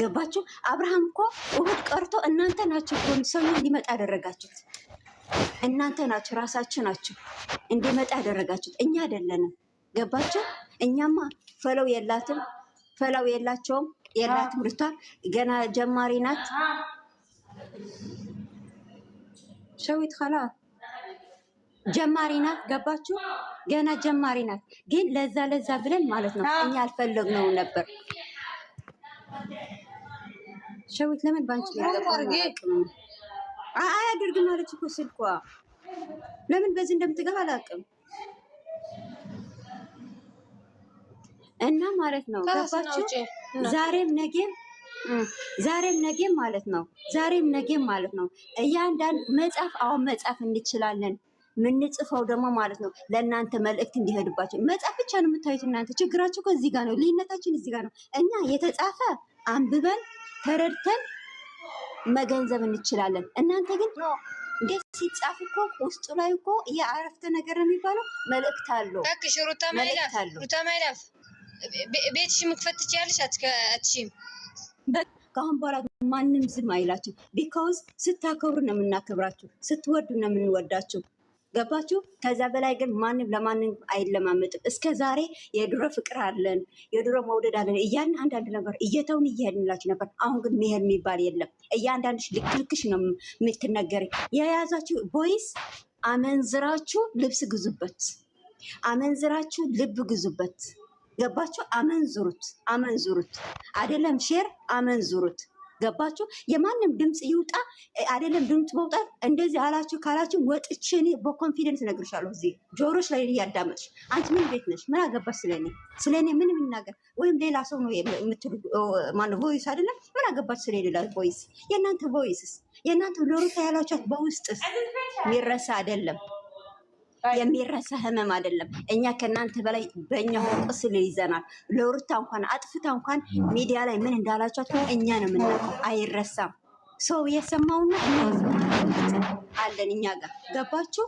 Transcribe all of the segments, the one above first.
ገባችሁ? አብርሃም እኮ እሁድ ቀርቶ እናንተ ናችሁ እኮ ሰኞ እንዲመጣ ያደረጋችሁት። እናንተ ናችሁ፣ ራሳችሁ ናችሁ እንዲመጣ ያደረጋችሁት፣ እኛ አይደለንም። ገባችሁ? እኛማ ፈለው የላትም፣ ፈለው የላቸውም፣ የላትም። ምርቷ ገና ጀማሪ ናት። ሸዊት ኸላ ጀማሪ ናት። ገባችሁ? ገና ጀማሪ ናት። ግን ለዛ ለዛ ብለን ማለት ነው እኛ አልፈለግነውም ነበር። ሸዊት ለምን ባንቺ አያደርግም አለች እኮ ስልኳ። ለምን በዚህ እንደምትገባ አላውቅም። እና ማለት ነው ገባችሁ? ዛሬም ነገም ዛሬም ነገም ማለት ነው ዛሬም ነገም ማለት ነው እያንዳንድ መጻፍ አሁን መጻፍ እንችላለን። ምንጽፈው ደግሞ ማለት ነው ለእናንተ መልእክት እንዲሄድባቸው መጻፍ ብቻ ነው የምታዩት እናንተ። ችግራችሁ ከዚህ ጋር ነው፣ ልዩነታችን እዚህ ጋር ነው። እኛ የተጻፈ አንብበን ተረድተን መገንዘብ እንችላለን። እናንተ ግን ደስ ሲጻፍ እኮ ውስጡ ላይ እኮ የአረፍተ ነገር የሚባለው መልእክት አለው። ሩታ ማይላፍ ቤትሽ መክፈት ትችያለሽ። አትሽም ከአሁን በኋላ ማንም ዝም አይላችሁ። ቢካውዝ ስታከብሩ ነው የምናከብራችሁ፣ ስትወዱ ነው የምንወዳችሁ። ገባችሁ? ከዛ በላይ ግን ማንም ለማንም አይለማመጥም። እስከ ዛሬ የድሮ ፍቅር አለን፣ የድሮ መውደድ አለን እያን አንዳንድ ነበር እየተውን እየሄድንላችሁ ነበር። አሁን ግን መሄድ የሚባል የለም። እያንዳንድሽ ልክልክሽ ነው የምትነገር። የያዛችሁ ቦይስ አመንዝራችሁ ልብስ ግዙበት፣ አመንዝራችሁ ልብ ግዙበት። ገባችሁ? አመንዝሩት፣ አመንዝሩት አይደለም ሼር አመንዝሩት። ገባችሁ? የማንም ድምፅ ይውጣ አይደለም ድምፅ መውጣት እንደዚህ አላችሁ ካላችሁ ወጥቼ እኔ በኮንፊደንስ እነግርሻለሁ። እዚህ ጆሮች ላይ እያዳመጥሽ አንቺ ምን ቤት ነሽ? ምን አገባሽ ስለኔ ስለኔ ምን የሚናገር ወይም ሌላ ሰው ነው የምትሉ ማነው ቮይስ አይደለም። ምን አገባች ሌላ ቮይስ የእናንተ ቮይስስ የእናንተ ሎሮታ ያላችኋት በውስጥ የሚረሳ አይደለም። የሚረሳ ህመም አይደለም። እኛ ከእናንተ በላይ በእኛ ቁስል ይዘናል። ለሩታ እንኳን አጥፍታ እንኳን ሚዲያ ላይ ምን እንዳላቸት እኛ ነው የምናውቀው። አይረሳም። ሰው የሰማውና አለን እኛ ጋር ገባችሁ።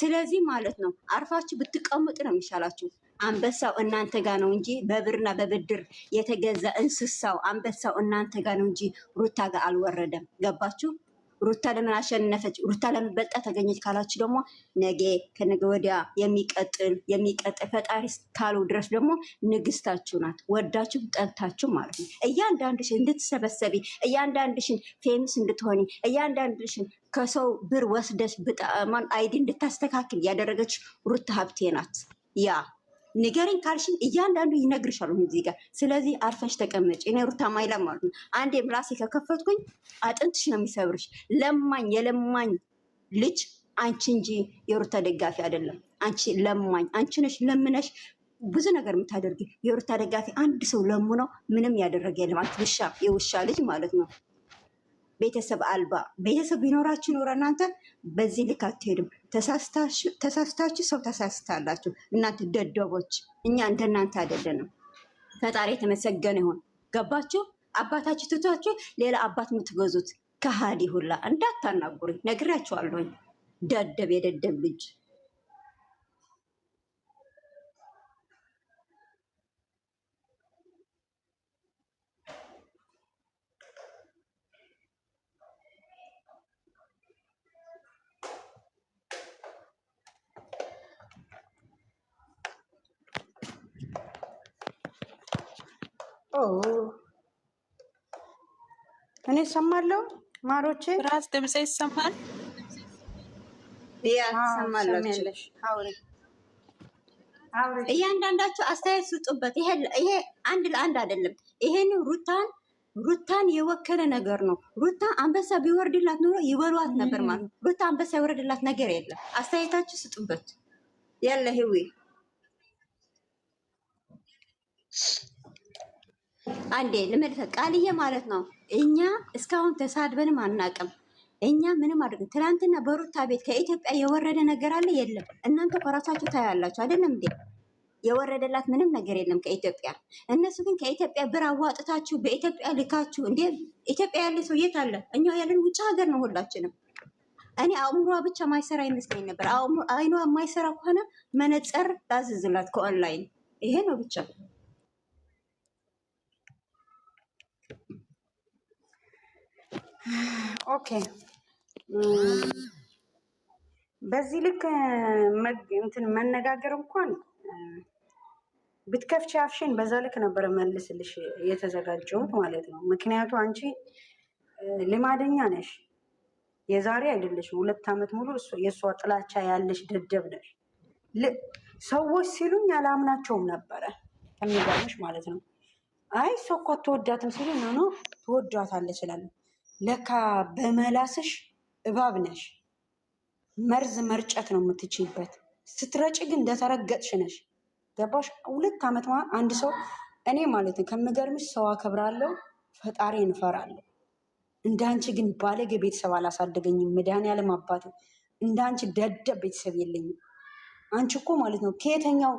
ስለዚህ ማለት ነው አርፋችሁ ብትቀመጡ ነው የሚሻላችሁ። አንበሳው እናንተ ጋር ነው እንጂ በብርና በብድር የተገዛ እንስሳው አንበሳው እናንተ ጋር ነው እንጂ ሩታ ጋር አልወረደም። ገባችሁ። ሩታ ለምን አሸነፈች፣ ሩታ ለምን በልጣ ተገኘች ካላችሁ ደግሞ ነገ ከነገ ወዲያ የሚቀጥል የሚቀጥል ፈጣሪ ካሉ ድረስ ደግሞ ንግስታችሁ ናት። ወዳችሁ ጠልታችሁ ማለት ነው። እያንዳንድሽን እንድትሰበሰቢ፣ እያንዳንድሽን ፌምስ እንድትሆኒ፣ እያንዳንድሽን ከሰው ብር ወስደሽ ብጣማን አይዲ እንድታስተካክል ያደረገች ሩታ ሀብቴ ናት ያ ንገሪኝ ካልሽኝ እያንዳንዱ ይነግርሻሉ እዚህ ጋር። ስለዚህ አርፈሽ ተቀመጭ። እኔ ሩታ ማይላም ማለት ነው። አንዴ ምላሴ ከከፈትኩኝ አጥንትሽ ነው የሚሰብርሽ። ለማኝ የለማኝ ልጅ አንቺ እንጂ የሩታ ደጋፊ አይደለም። አንቺ ለማኝ አንቺ ነሽ ለምነሽ ብዙ ነገር የምታደርግ የሩታ ደጋፊ አንድ ሰው ለሙ ነው ምንም ያደረገ የለም። ውሻ የውሻ ልጅ ማለት ነው። ቤተሰብ አልባ ቤተሰብ ቢኖራችሁ ኖረ እናንተ በዚህ ልክ አትሄድም። ተሳስታችሁ ሰው ተሳስታላችሁ። እናንተ ደደቦች፣ እኛ እንደናንተ አይደለንም። ፈጣሪ የተመሰገነ ይሆን ገባችሁ? አባታችሁ ትቷችሁ ሌላ አባት የምትገዙት ከሃዲ ሁላ እንዳታናጉሪ፣ ነግራችኋለሁኝ። ደደብ የደደብ ልጅ እኔ እሰማለሁ ማሮቼ፣ ራስ ድምጼ ይሰማል። እያንዳንዳቸው አስተያየት ስጡበት። ይሄ አንድ ለአንድ አይደለም። ይሄን ሩታን ሩታን የወከለ ነገር ነው። ሩታ አንበሳ ቢወርድላት ኑሮ ይበሏት ነበር ማለት ነው። ሩታ አንበሳ የወረድላት ነገር የለም። አስተያየታችሁ ስጡበት። ያለ ህዊ አንዴ ልመልሰ ቃልዬ ማለት ነው። እኛ እስካሁን ተሳድበንም አናቅም። እኛ ምንም አድርገን ትናንትና በሩታ ቤት ከኢትዮጵያ የወረደ ነገር አለ የለም። እናንተ ከራሳችሁ ታያላችሁ አይደለም እንዴ? የወረደላት ምንም ነገር የለም ከኢትዮጵያ። እነሱ ግን ከኢትዮጵያ ብር አዋጥታችሁ በኢትዮጵያ ልካችሁ እንዴ! ኢትዮጵያ ያለ ሰው የት አለ? እኛ ያለን ውጭ ሀገር ነው ሁላችንም። እኔ አእምሯ ብቻ ማይሰራ ይመስለኝ ነበር። አይኗ ማይሰራ ከሆነ መነጽር ላዝዝላት ከኦንላይን ይሄ ነው ብቻ ኦኬ በዚህ ልክ እንትን መነጋገር እንኳን ብትከፍቼ አፍሽን በዛ ልክ ነበረ መልስልሽ የተዘጋጀሁት ማለት ነው። ምክንያቱ አንቺ ልማደኛ ነሽ፣ የዛሬ አይደለሽ። ሁለት ዓመት ሙሉ የእሷ ጥላቻ ያለሽ ደደብ ነሽ። ሰዎች ሲሉኝ አላምናቸውም ነበረ ከሚገርምሽ ማለት ነው። አይ እሷ እኮ አትወዳትም ሲሉ ኖ ትወዳታለች እላለሁ ለካ በመላስሽ እባብ ነሽ። መርዝ መርጨት ነው የምትችይበት። ስትረጭ ግን እንደተረገጥሽ ነሽ። ገባሽ? ሁለት ዓመት አንድ ሰው እኔ ማለት ነው ከምገርምሽ ሰው አከብራለሁ፣ ፈጣሪ እንፈራለሁ። እንዳንቺ ግን ባለጌ ቤተሰብ አላሳደገኝም። መድኃኒዓለም አባቴ እንዳንቺ ደደ ደደብ ቤተሰብ የለኝም። አንቺ እኮ ማለት ነው ከየተኛው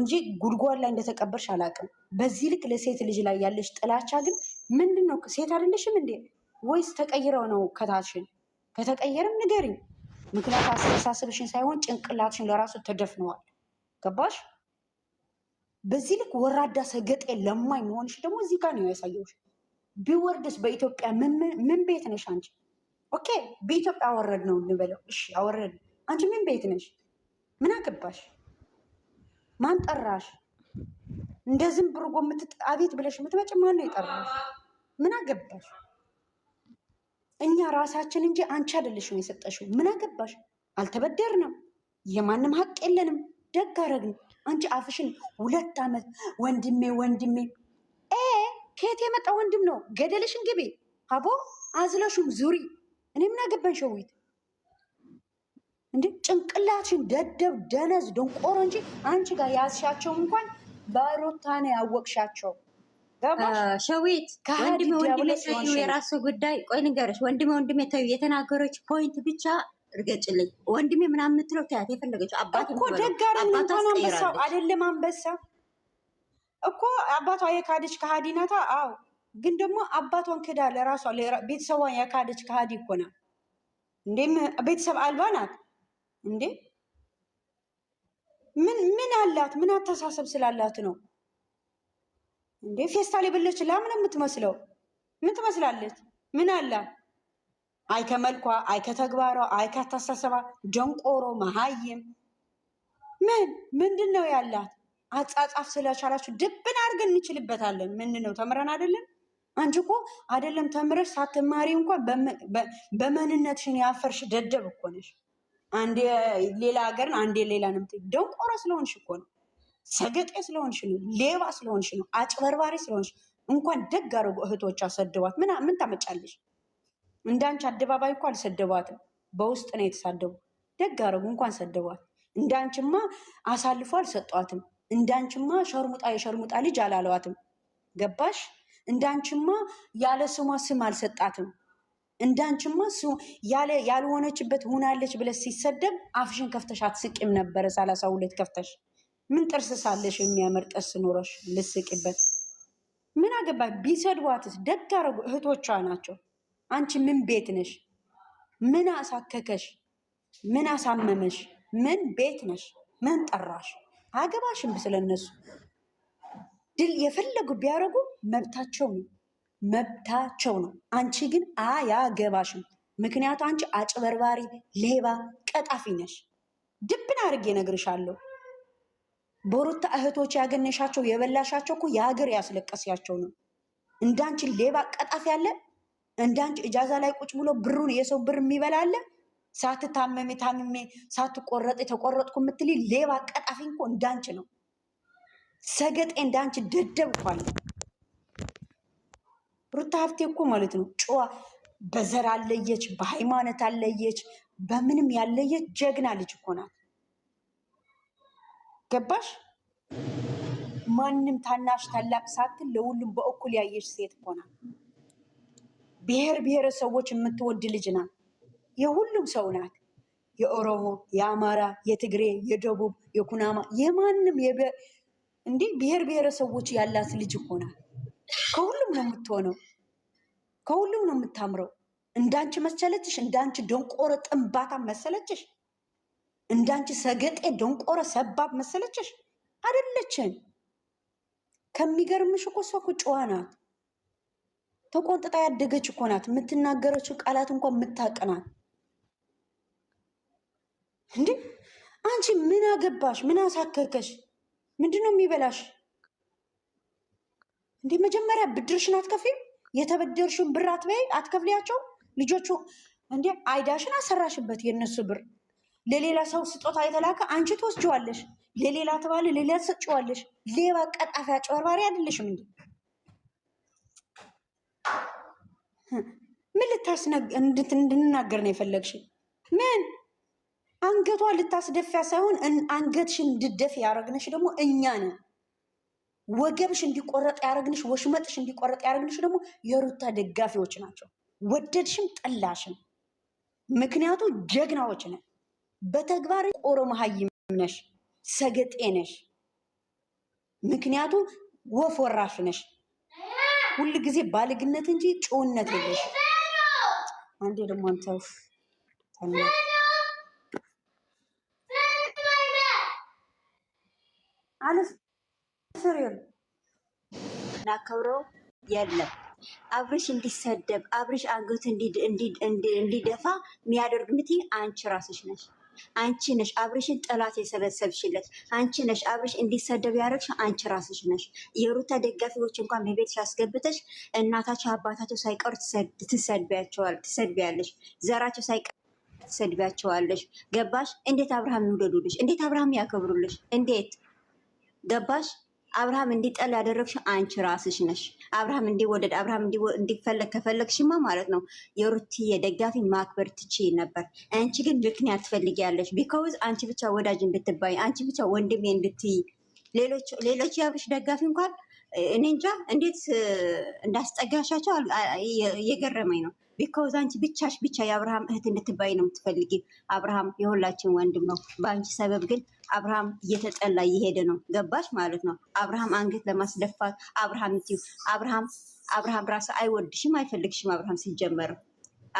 እንጂ ጉድጓድ ላይ እንደተቀበርሽ አላውቅም። በዚህ ልክ ለሴት ልጅ ላይ ያለሽ ጥላቻ ግን ምንድን ነው? ሴት አይደለሽም እንዴ? ወይስ ተቀይረው ነው ከታችን? ከተቀየርም ንገሪኝ። ምክንያት አስተሳሰብሽን ሳይሆን ጭንቅላትሽን ለራሱ ተደፍነዋል። ገባሽ? በዚህ ልክ ወራዳ ሰገጤ ለማኝ መሆንሽ ደግሞ እዚህ ጋር ነው ያሳየውሽ። ቢወርድስ በኢትዮጵያ ምን ቤት ነሽ አንቺ? ኦኬ በኢትዮጵያ አወረድ ነው እንበለው። እሺ አወረድ። አንቺ ምን ቤት ነሽ? ምን አገባሽ? ማን ጠራሽ? እንደ ዝም ብርጎ አቤት ብለሽ የምትመጭ ማን ነው የጠራሽ? ምን አገባሽ? እኛ ራሳችን እንጂ አንቺ አይደለሽም የሰጠሽው። ምን አገባሽ? አልተበደርንም። የማንም ሀቅ የለንም። ደግ አረግን አንቺ አፍሽን ሁለት ዓመት ወንድሜ ወንድሜ ኤ ከየት የመጣ ወንድም ነው? ገደልሽን ግቢ አቦ አዝለሹም ዙሪ። እኔ ምን አገባኝ ሸዊት እንዴ ጭንቅላችን ደደብ ደነዝ ደንቆሮ እንጂ አንቺ ጋር ያዝሻቸው እንኳን በሩታ ነው ያወቅሻቸው። ሸዊት ከወንድሜ ወንድሜ ተዩ፣ የራሱ ጉዳይ። ቆይ ንገረች፣ ወንድሜ ወንድሜ ተዩ የተናገረች ፖይንት ብቻ እርገጭልኝ። ወንድሜ ምናምን የምትለው ትያት የፈለገችው አባት እኮ ደጋር እንኳን አንበሳው አይደለም አንበሳ እኮ አባቷ የካደች ከሃዲ ናታ። አዎ ግን ደግሞ አባቷን ክዳ ለራሷ ቤተሰቧን የካደች ከሃዲ እኮ ናት። እንዴም ቤተሰብ አልባ ናት እንዴ? ምን ምን አላት? ምን አተሳሰብ ስላላት ነው እንዴ ፌስታል የበለች ላም የምትመስለው። ምን ትመስላለች? ምን አለ አይ ከመልኳ፣ አይ ከተግባሯ፣ አይ ከአታሳሰባ ደንቆሮ መሀይም ምን ምንድን ነው ያላት? አጻጻፍ ስለቻላችሁ ድብን አድርገን እንችልበታለን። ምን ነው ተምረን አይደለም? አንቺ እኮ አይደለም ተምረሽ ሳትማሪ እንኳን በመንነትሽን ያፈርሽ ደደብ እኮ ነሽ። አንዴ ሌላ ሀገርን አንዴ ሌላ ነው ደንቆሮ ስለሆንሽ እኮ ነው። ሰገጤ ስለሆንሽ ነው፣ ሌባ ስለሆንሽ ነው፣ አጭበርባሪ ስለሆንሽ እንኳን ደግ አደረጉ እህቶች ሰደቧት። ምን ምን ታመጫለሽ? እንዳንቺ አደባባይ እኮ አልሰደቧትም፣ በውስጥ ነው የተሳደቡ። ደግ አደረጉ እንኳን ሰደቧት። እንዳንቺማ አሳልፎ አልሰጧትም። እንዳንቺማ ሸርሙጣ የሸርሙጣ ልጅ አላለዋትም። ገባሽ? እንዳንቺማ ያለ ስሟ ስም አልሰጣትም። እንዳንቺማ ያልሆነችበት ሁናለች ብለሽ ሲሰደብ አፍሽን ከፍተሽ አትስቂም ነበረ። ሰላሳ ሁለት ከፍተሽ ምን ጥርስ ሳለሽ የሚያምር ጥርስ ኖረሽ ምን አገባ ቢሰድዋትስ? ደግ አረጉ። እህቶቿ ናቸው። አንቺ ምን ቤት ነሽ? ምን አሳከከሽ? ምን አሳመመሽ? ምን ቤት ነሽ? ምን ጠራሽ? አገባሽም ስለነሱ ድል የፈለጉ ቢያደርጉ መብታቸው ነው መብታቸው ነው። አንቺ ግን አያገባሽም። ምክንያቱ አንቺ አጭበርባሪ፣ ሌባ፣ ቀጣፊ ነሽ። ድብን አድርጌ እነግርሻለሁ። በሩታ እህቶች ያገነሻቸው የበላሻቸው እኮ የሀገር ያስለቀስያቸው ነው። እንዳንቺ ሌባ ቀጣፊ አለ እንዳንቺ እጃዛ ላይ ቁጭ ብሎ ብሩን የሰው ብር የሚበላለ ሳትታመሜ ታምሜ ሳትቆረጥ የተቆረጥኩ የምትል ሌባ ቀጣፊ እኮ እንዳንቺ ነው። ሰገጤ እንዳንቺ ደደብ እንኳን ሩታ ሀብቴ እኮ ማለት ነው ጨዋ በዘር አለየች፣ በሃይማኖት አለየች፣ በምንም ያለየች ጀግና ልጅ እኮ ናት። ገባሽ? ማንም ታናሽ ታላቅ ሳትል ለሁሉም በእኩል ያየሽ ሴት እኮ ናት። ብሔር ብሔረሰቦች የምትወድ ልጅ ናት። የሁሉም ሰው ናት። የኦሮሞ፣ የአማራ፣ የትግሬ፣ የደቡብ፣ የኩናማ የማንም እንዲህ ብሔር ብሔረሰቦች ያላት ልጅ እኮ ናት። ከሁሉም ነው የምትሆነው። ከሁሉም ነው የምታምረው። እንዳንቺ መሰለችሽ? እንዳንቺ ደንቆረ ጥንባታ መሰለችሽ? እንዳንቺ ሰገጤ ደንቆረ ሰባብ መሰለችሽ? አይደለችን ከሚገርምሽ እኮ እሷ እኮ ጨዋ ናት። ተቆንጥጣ ያደገች እኮ ናት። የምትናገረችው ቃላት እንኳን የምታቅናት እንዴ። አንቺ ምን አገባሽ? ምን አሳከርከሽ? ምንድን ነው የሚበላሽ እንዴ? መጀመሪያ ብድርሽን አትከፍይም? የተበደርሽውን ብር አትበይ አትከፍሊያቸው ልጆቹ እንዴ? አይዳሽን አሰራሽበት የእነሱ ብር ለሌላ ሰው ስጦታ የተላከ አንቺ ትወስጂዋለሽ፣ ለሌላ ተባለ ለሌላ ትሰጪዋለሽ። ሌባ፣ ቀጣፊ፣ አጭበርባሪ አይደለሽም እንዴ? ምን እንድንናገር ነው የፈለግሽ? ምን አንገቷ ልታስደፊያ ሳይሆን አንገትሽ እንድደፍ ያደረግንሽ ደግሞ እኛ ነን። ወገብሽ እንዲቆረጥ ያደረግንሽ፣ ወሽመጥሽ እንዲቆረጥ ያደረግንሽ ደግሞ የሩታ ደጋፊዎች ናቸው፣ ወደድሽም ጠላሽም። ምክንያቱ ጀግናዎች ነን። በተግባር ኦሮሞ ሀይም ነሽ፣ ሰገጤ ነሽ። ምክንያቱም ወፍ ወራሽ ነሽ። ሁል ጊዜ ባልግነት እንጂ ጮነት የለሽ። አንዴ ደግሞ አንተ አለስሪም ናከብረው የለም አብርሽ እንዲሰደብ አብርሽ አንገት እንዲደፋ የሚያደርግ ምቲ አንቺ ራስሽ ነሽ። አንቺ ነሽ አብርሽን ጠላት የሰበሰብሽለት፣ አንቺ ነሽ አብርሽ እንዲሰደብ ያደረግሽ አንቺ ራስሽ ነሽ። የሩታ ደጋፊዎች እንኳን በቤትሽ አስገብተሽ እናታቸው አባታቸው ሳይቀር ትሰድቢያለሽ፣ ዘራቸው ሳይቀር ትሰድቢያቸዋለሽ። ገባሽ? እንዴት አብርሃም ይውደዱልሽ? እንዴት አብርሃም ያከብሩልሽ? እንዴት ገባሽ? አብርሃም እንዲጠላ ያደረግሽ አንቺ ራስሽ ነሽ። አብርሃም እንዲወደድ አብርሃም እንዲፈለግ ከፈለግሽማ ማለት ነው የሩቲ የደጋፊ ማክበር ትች ነበር። አንቺ ግን ምክንያት ትፈልጊያለሽ። ቢካውዝ አንቺ ብቻ ወዳጅ እንድትባይ፣ አንቺ ብቻ ወንድሜ እንድትይ ሌሎች የአብርሽ ደጋፊ እንኳን እኔ እንጃ እንዴት እንዳስጠጋሻቸው እየገረመኝ ነው። ቢካውዝ አንቺ ብቻሽ ብቻ የአብርሃም እህት እንድትባይ ነው የምትፈልጊ። አብርሃም የሁላችን ወንድም ነው። በአንቺ ሰበብ ግን አብርሃም እየተጠላ እየሄደ ነው። ገባሽ ማለት ነው። አብርሃም አንገት ለማስደፋት አብርሃም እትዩ አብርሃም አብርሃም ራሱ አይወድሽም አይፈልግሽም። አብርሃም ሲጀመር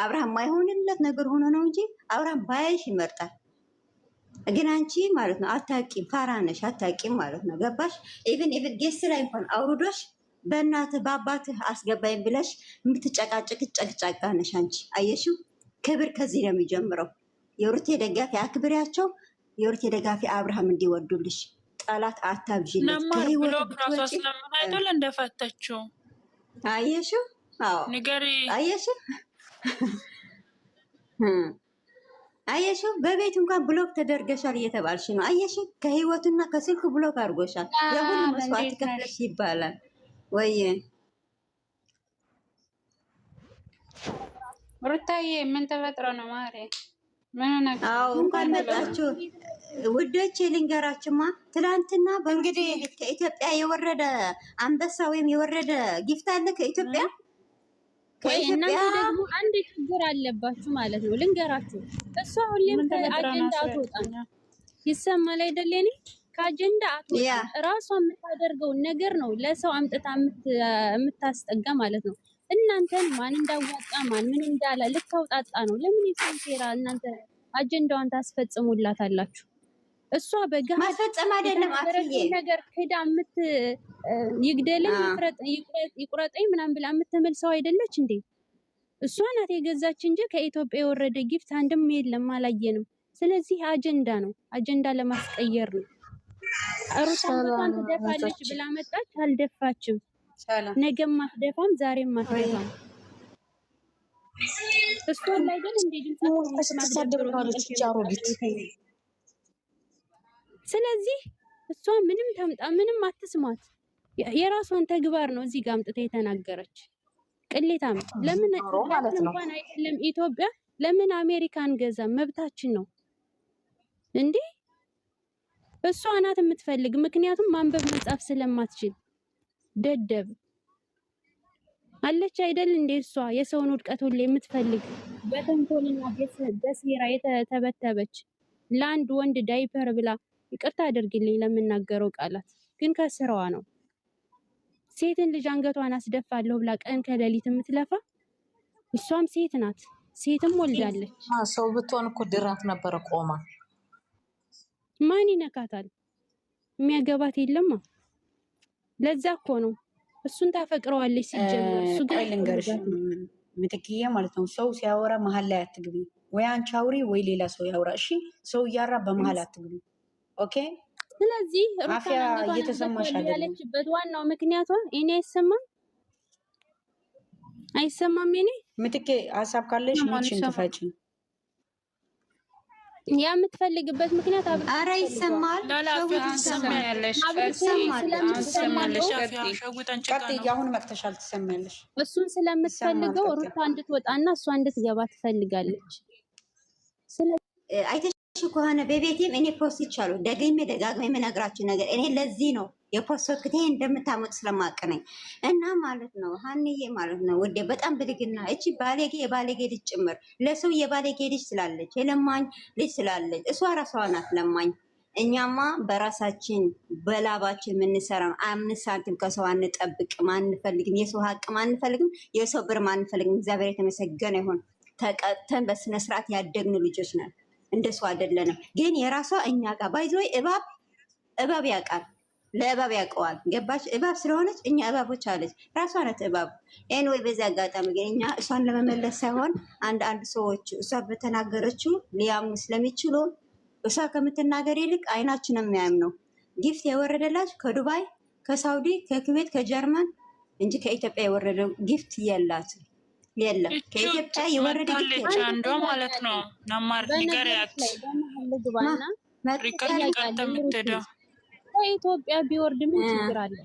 አብርሃም ማይሆንለት ነገር ሆኖ ነው እንጂ አብርሃም ባያይሽ ይመርጣል። ግን አንቺ ማለት ነው አታቂም፣ ፋራነሽ አታቂም ማለት ነው። ገባሽ? ኢቨን ኢቨን ጌስ ላይ እንኳን አውርዶሽ በእናትህ በአባትህ አስገባኝ ብለሽ የምትጨቃጭቅ ጨቅጫቃ ነሽ አንቺ። አየሽው? ክብር ከዚህ ነው የሚጀምረው። የሩቴ ደጋፊ አክብሪያቸው፣ የሩቴ ደጋፊ አብርሃም እንዲወዱልሽ። ጠላት አታብዥለት። ብሎራሷስለምናይቶል እንደፈተችው አየሽው? አየሽው? አየሽ በቤት እንኳን ብሎክ ተደርገሻል እየተባልሽ ነው። አየሽ ከህይወቱና ከስልኩ ብሎክ አድርጎሻል። የሁሉ መስዋዕት ከፍለሽ ይባላል ወይ ሩታዬ? ምን ተፈጥሮ ነው ማሬ? አዎ እንኳን መጣችሁ ውዶች። ልንገራችሁማ ትናንትና በእንግዲህ ከኢትዮጵያ የወረደ አንበሳ ወይም የወረደ ጊፍት አለ ከኢትዮጵያ እናንተ ደግሞ አንድ ችግር አለባችሁ ማለት ነው። ልንገራችሁ፣ እሷ ሁሌም ከአጀንዳ አትወጣም። ይሰማል አይደል? እኔ ከአጀንዳ አትወጣም። እራሷ የምታደርገውን ነገር ነው ለሰው አምጥታ የምታስጠጋ ማለት ነው። እናንተን ማን እንዳዋጣ ማን ምን እንዳላ ልታውጣጣ ነው። ለምን የሰው ሴራ እናንተ አጀንዳዋን ታስፈጽሙላታላችሁ? እሷ በማስፈጸም አይደለም አፍዬ ነገር ሄዳ ምት ይግደልኝ ይቁረጠኝ ምናምን ብላ የምትመልሰው አይደለች እንዴ? እሷ ናት የገዛች እንጂ ከኢትዮጵያ የወረደ ጊፍት አንድም የለም፣ አላየንም። ስለዚህ አጀንዳ ነው፣ አጀንዳ ለማስቀየር ነው። ሩሳን ትደፋለች ብላ መጣች፣ አልደፋችም። ነገም አትደፋም፣ ዛሬም አትደፋም። እሷን ላይ ግን እንዴ ድምፅ ስለዚህ እሷ ምንም ታምጣ ምንም አትስማት። የራሷን ተግባር ነው እዚህ ጋር አምጥታ የተናገረች። ቅሌታም ለምን እንኳን አይደለም ኢትዮጵያ ለምን አሜሪካን ገዛ? መብታችን ነው እንዴ? እሷ ናት የምትፈልግ። ምክንያቱም ማንበብ መጻፍ ስለማትችል ደደብ አለች አይደል እንዴ? እሷ የሰውን ውድቀት ሁሌ የምትፈልግ በተንኮልና በሴራ የተተበተበች ለአንድ ወንድ ዳይፐር ብላ ይቅርታ አድርግልኝ ለምናገረው ቃላት ግን ከስራዋ ነው። ሴትን ልጅ አንገቷን አስደፋለሁ ብላ ቀን ከሌሊት የምትለፋ እሷም ሴት ናት፣ ሴትም ወልዳለች። ሰው ብትሆን እኮ ድራት ነበረ ቆማ። ማን ይነካታል? የሚያገባት የለማ። ለዛ እኮ ነው እሱን ታፈቅረዋለች። ሲጀመር ምትክዬ ማለት ነው ሰው ሲያወራ መሀል ላይ አትግቢ። ወይ አንቺ አውሪ ወይ ሌላ ሰው ያውራ። እሺ ሰው እያራ በመሀል አትግቢ። ኦኬ። ስለዚህ ሩታ እየተሰማሽ ያለችበት ዋናው ምክንያቷ እኔ አይሰማም አይሰማም። እኔ ምትኬ ሀሳብ ካለሽ ሞችን ትፈጭ ያ የምትፈልግበት ምክንያት አብ አረ ይሰማል። አሁን መቅተሻል፣ ትሰማለሽ። እሱን ስለምትፈልገው ሩታ እንድትወጣና እሷ እንድትገባ ትፈልጋለች። እሺ ከሆነ በቤቴም እኔ ፖስት ይቻሉ ደግሜ ደጋግሜ የምነግራችሁ ነገር እኔ ለዚህ ነው የፖስትኩት ይሄ እንደምታመጡ ስለማቀነኝ እና ማለት ነው ሀንዬ ማለት ነው ውዴ፣ በጣም ብልግና እቺ ባሌጌ የባሌጌ ልጅ ጭምር ለሰው የባሌጌ ልጅ ስላለች የለማኝ ልጅ ስላለች እሷ ራሷ ናት ለማኝ። እኛማ በራሳችን በላባችን የምንሰራ ነው። አምስት ሳንቲም ከሰው አንጠብቅም፣ አንፈልግም። የሰው ሀቅም አንፈልግም፣ የሰው ብርም አንፈልግም። እግዚአብሔር የተመሰገነ ይሁን። ተቀጥተን በስነስርዓት ያደግን ልጆች ነን። እንደ እንደሱ አይደለንም። ግን የራሷ እኛ ጋር ባይዞ እባብ እባብ ያውቃል ለእባብ ያውቀዋል። ገባሽ? እባብ ስለሆነች እኛ እባቦች አለች ራሷ ነት እባብ ይህን ወይ በዚህ አጋጣሚ ግን እኛ እሷን ለመመለስ ሳይሆን አንድ አንድ ሰዎች እሷ በተናገረችው ሊያሙ ስለሚችሉ እሷ ከምትናገር ይልቅ አይናችን የሚያም ነው። ጊፍት የወረደላች ከዱባይ፣ ከሳውዲ፣ ከኩዌት፣ ከጀርመን እንጂ ከኢትዮጵያ የወረደው ጊፍት የላት። የለም ከኢትዮጵያ የወረደ አንዷ ማለት ነው። ናማር ንገሪያት ከኢትዮጵያ ቢወርድ ምን ችግር አለ?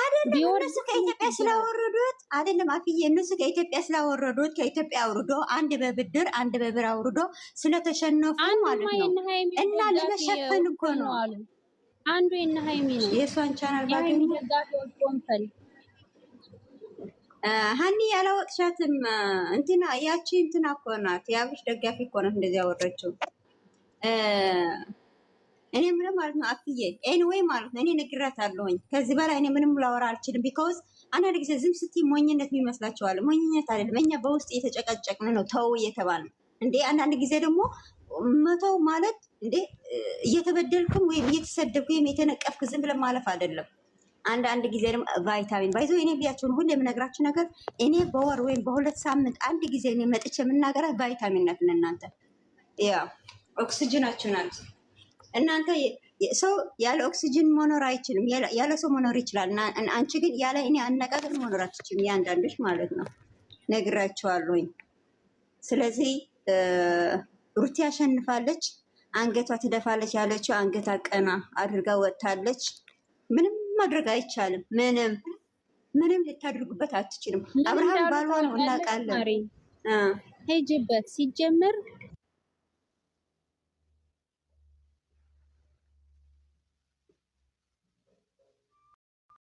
አይደለም እነሱ ከኢትዮጵያ ስላወረዱት አይደለም አፍዬ፣ እነሱ ከኢትዮጵያ ስላወረዱት ከኢትዮጵያ አውርዶ አንድ በብድር አንድ በብር አውርዶ ስለተሸነፉ ማለት ነው። እና ለመሸፈን እኮ ነው አንዱ የነ ሀይሚ ነው የእሷን ቻናል ባገኘ ሀኒ ያላወቅሻትም እንትና ያቺ እንትና እኮ ናት፣ የአብርሽ ደጋፊ እኮ ናት እንደዚህ ያወረችው። እኔ ምንም ማለት ነው አፍዬ ኤኒዌይ ማለት ነው እኔ አለሁኝ። ከዚህ በላይ እኔ ምንም ላወራ አልችልም። ቢካውዝ አንዳንድ ጊዜ ዝም ስትይ ሞኝነት የሚመስላቸዋል። ሞኝነት አይደለም፣ እኛ በውስጥ እየተጨቀጨቅን ነው ተው እየተባል እንዴ። አንዳንድ ጊዜ ደግሞ መተው ማለት እንዴ እየተበደልኩም ወይም እየተሰደብኩ ወይም የተነቀፍክ ዝም ብለን ማለፍ አይደለም። አንዳንድ ጊዜ ደግሞ ቫይታሚን ባይዞ እኔ ብያቸውን ሁሌ የምነግራችሁ ነገር እኔ በወር ወይም በሁለት ሳምንት አንድ ጊዜ እኔ መጥቼ የምናገራት ቫይታሚን ናት። እናንተ ያው ኦክስጅናችሁ ናት። እናንተ ሰው ያለ ኦክስጅን መኖር አይችልም፣ ያለ ሰው መኖር ይችላል። አንቺ ግን ያለ እኔ አነጋገር መኖር አትችልም። ያንዳንዶች ማለት ነው ነግራችኋለሁኝ። ስለዚህ ሩቲ አሸንፋለች፣ አንገቷ ትደፋለች ያለችው አንገቷ ቀና አድርጋ ወጥታለች። ማድረግ አይቻልም። ምንም ምንም ልታደርጉበት አትችልም። አብርሃም ባሏ ነው እናውቃለን። ሂጅበት ሲጀምር